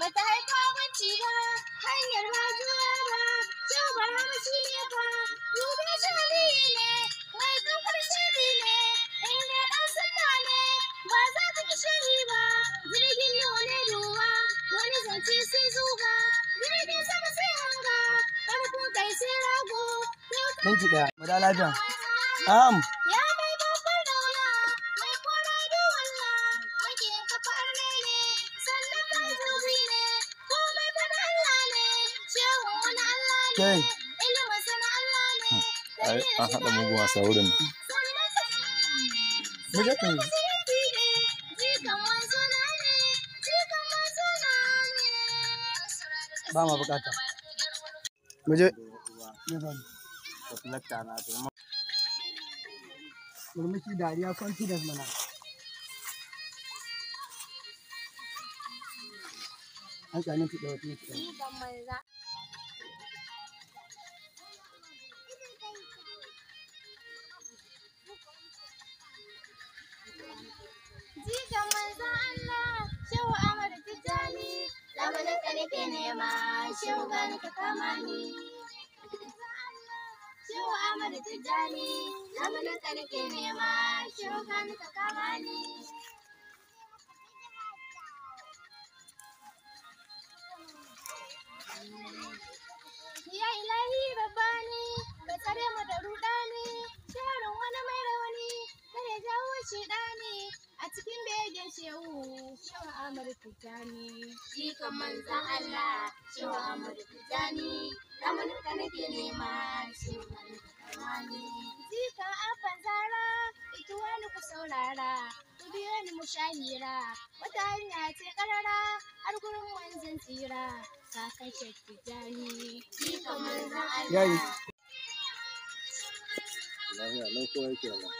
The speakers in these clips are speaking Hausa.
ba ta haifa abinci ba hanyar hajuwa ba yau ba hamsi ne ba gobe shari ne mai kafar shari ne inda ɗan sunna ne ba za ta ki shari ba jirgin yau ne ruwa wani zance sai zuga jirgin sama sai hanga ƙarfin kai sai rago. Ɗan kiɗa, mu da lafiya. Am. Ya kai hmm. ai an haɗa mugu wasa wurin ba ma bukata murmushi dariya confidence mana an tsanin jikan manzan Allah shehu Ahmad Tijjani lamarin ka nake nema shehu gani ka kama ni shehu Ahmad Tijjani lamarin ka nake nema shehu gani ka kama ni Ya ilahi rabbani ka tsare mu da rudani sharon wani mai rauni kada jawo shi ɗan A cikin begen shehu shehu Amadu Tijjani. Shi kan manzan Allah shehu Amadu Tijjani. Ramunuka nake nema shehu Amadu Tijjani. Jika afan zara ita wani ku saurara. Ku biyo ni mu sha hira. Wata hanya ce karara har gurin manzan tsira. Kakan Shehu Tijjani. Shi kan manzan Allah. Lafiya, Allah.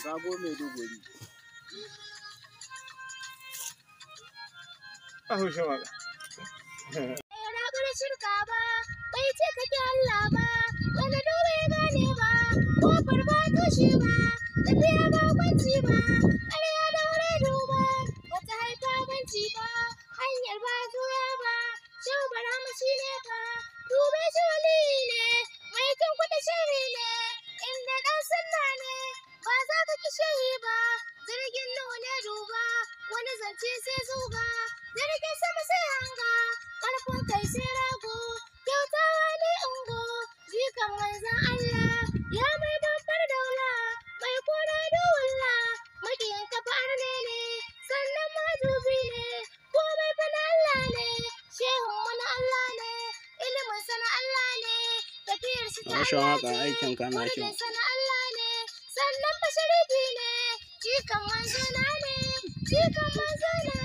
Sabo Maiduguri. Ahu shawara. shirka ba, bai ce kake Allah ba, wani dubi gane ba, ko farba ba, tafiya ba kwanci ba, lokaci sai zuga jirgin sama sai hanga ƙarfin kai sai rago kyauta wani ungo jikan manzan Allah ya mai babbar daula mai kora da wulla makiyin kafa arne ne sannan majubi ne komai fa na Allah ne shehun mu Allah ne ilimin sana Allah ne tafiyar su ta Allah ce aikin kana Çıkın ben söyle.